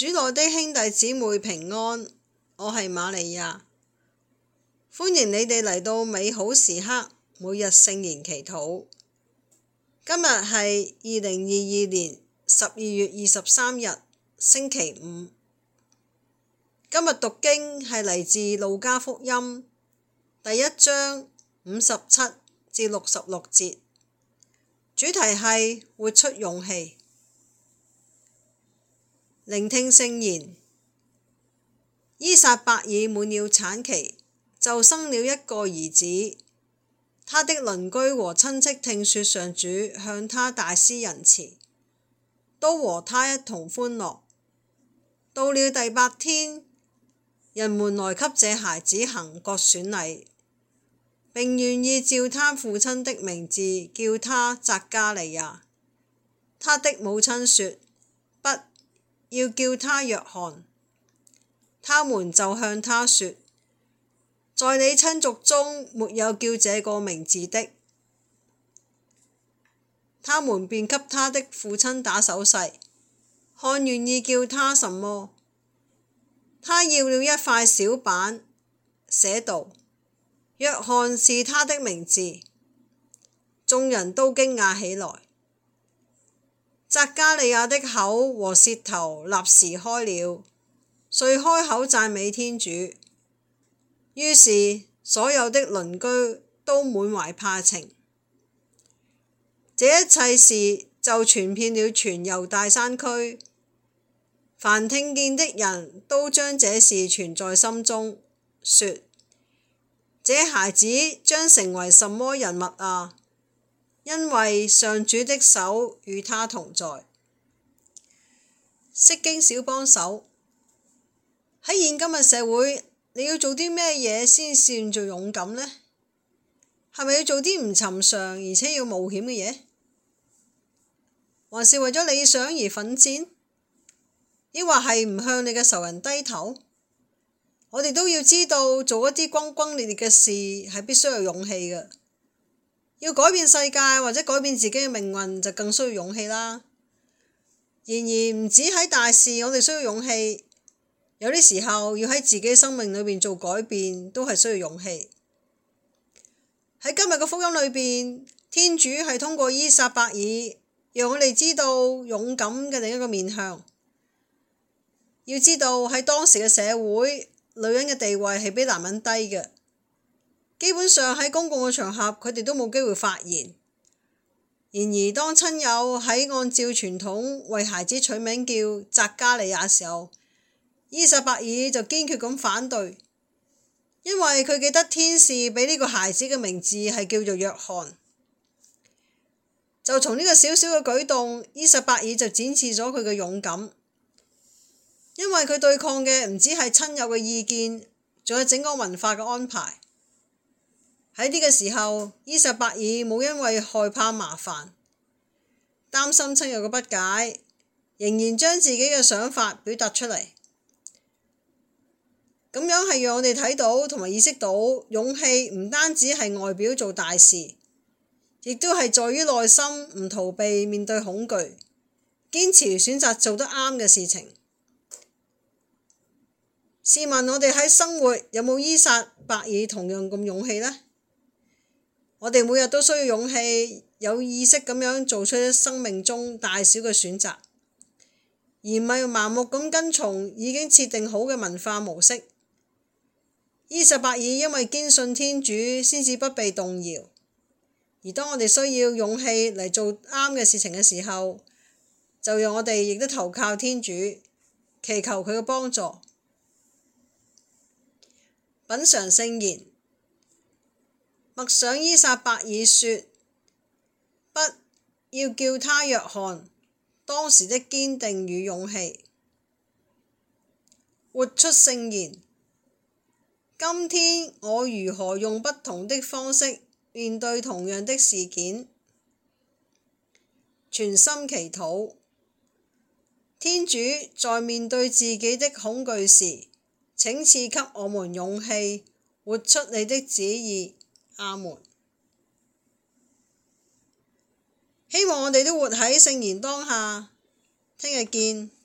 主內的兄弟姊妹平安，我係瑪利亞，歡迎你哋嚟到美好時刻，每日聖言祈禱。今日係二零二二年十二月二十三日，星期五。今日讀經係嚟自路加福音第一章五十七至六十六節，主題係活出勇氣。聆聽聖言，依撒伯爾滿了產期，就生了一個兒子。她的鄰居和親戚聽說上主向她大施仁慈，都和她一同歡樂。到了第八天，人們來給這孩子行割損禮，並願意照他父親的名字叫他匝加利亞。他的母親說：不。要叫他若翰。他們就向他說，在你親族中沒有叫這個名字的。他們便給他的父親打手勢，看願意叫他什麼。他要了一塊小板，寫道：若翰是他的名字。眾人都驚訝起來。匝加利亞的口和舌頭立時開了，遂開口讚美天主。於是，所有的鄰居都滿懷怕情，這一切事就傳遍了全猶大山區，凡聽見的人都將這事存在心中，說：這孩子將成為什麼人物啊？因為上主的手與他同在。釋經小幫手，喺現今嘅社會，你要做啲咩嘢先算做勇敢呢？係咪要做啲唔尋常而且要冒險嘅嘢？還是為咗理想而奮戰，抑或係唔向你嘅仇人低頭？我哋都要知道，做一啲轟轟烈烈嘅事係必須有勇氣嘅。要改變世界或者改變自己嘅命運，就更需要勇氣啦。然而唔止喺大事，我哋需要勇氣。有啲時候要喺自己生命裏邊做改變，都係需要勇氣。喺今日嘅福音裏邊，天主係通過依撒伯爾，讓我哋知道勇敢嘅另一個面向。要知道喺當時嘅社會，女人嘅地位係比男人低嘅。基本上喺公共嘅場合，佢哋都冇機會發言。然而，當親友喺按照傳統為孩子取名叫扎加利亞嘅時候，伊撒伯爾就堅決咁反對，因為佢記得天使俾呢個孩子嘅名字係叫做約翰。就從呢個小小嘅舉動，伊撒伯爾就展示咗佢嘅勇敢，因為佢對抗嘅唔止係親友嘅意見，仲有整個文化嘅安排。喺呢個時候，依撒伯爾冇因為害怕麻煩，擔心親友嘅不解，仍然將自己嘅想法表達出嚟。咁樣係讓我哋睇到同埋意識到，勇氣唔單止係外表做大事，亦都係在於內心唔逃避面對恐懼，堅持選擇做得啱嘅事情。試問我哋喺生活有冇依撒伯爾同樣咁勇氣呢？我哋每日都需要勇氣，有意識咁樣做出生命中大小嘅選擇，而唔係盲目咁跟從已經設定好嘅文化模式。依撒伯爾因為堅信天主，先至不被動搖。而當我哋需要勇氣嚟做啱嘅事情嘅時候，就讓我哋亦都投靠天主，祈求佢嘅幫助。品嚐聖言。默想依撒伯爾說：不，要叫他若翰，當時的堅定與勇氣，活出聖言。今天我如何用不同的方式面對同樣的事件？全心祈禱，天主在面對自己的恐懼時，請賜給我們勇氣，活出你的旨意。亞門，希望我哋都活喺聖言當下，聽日見。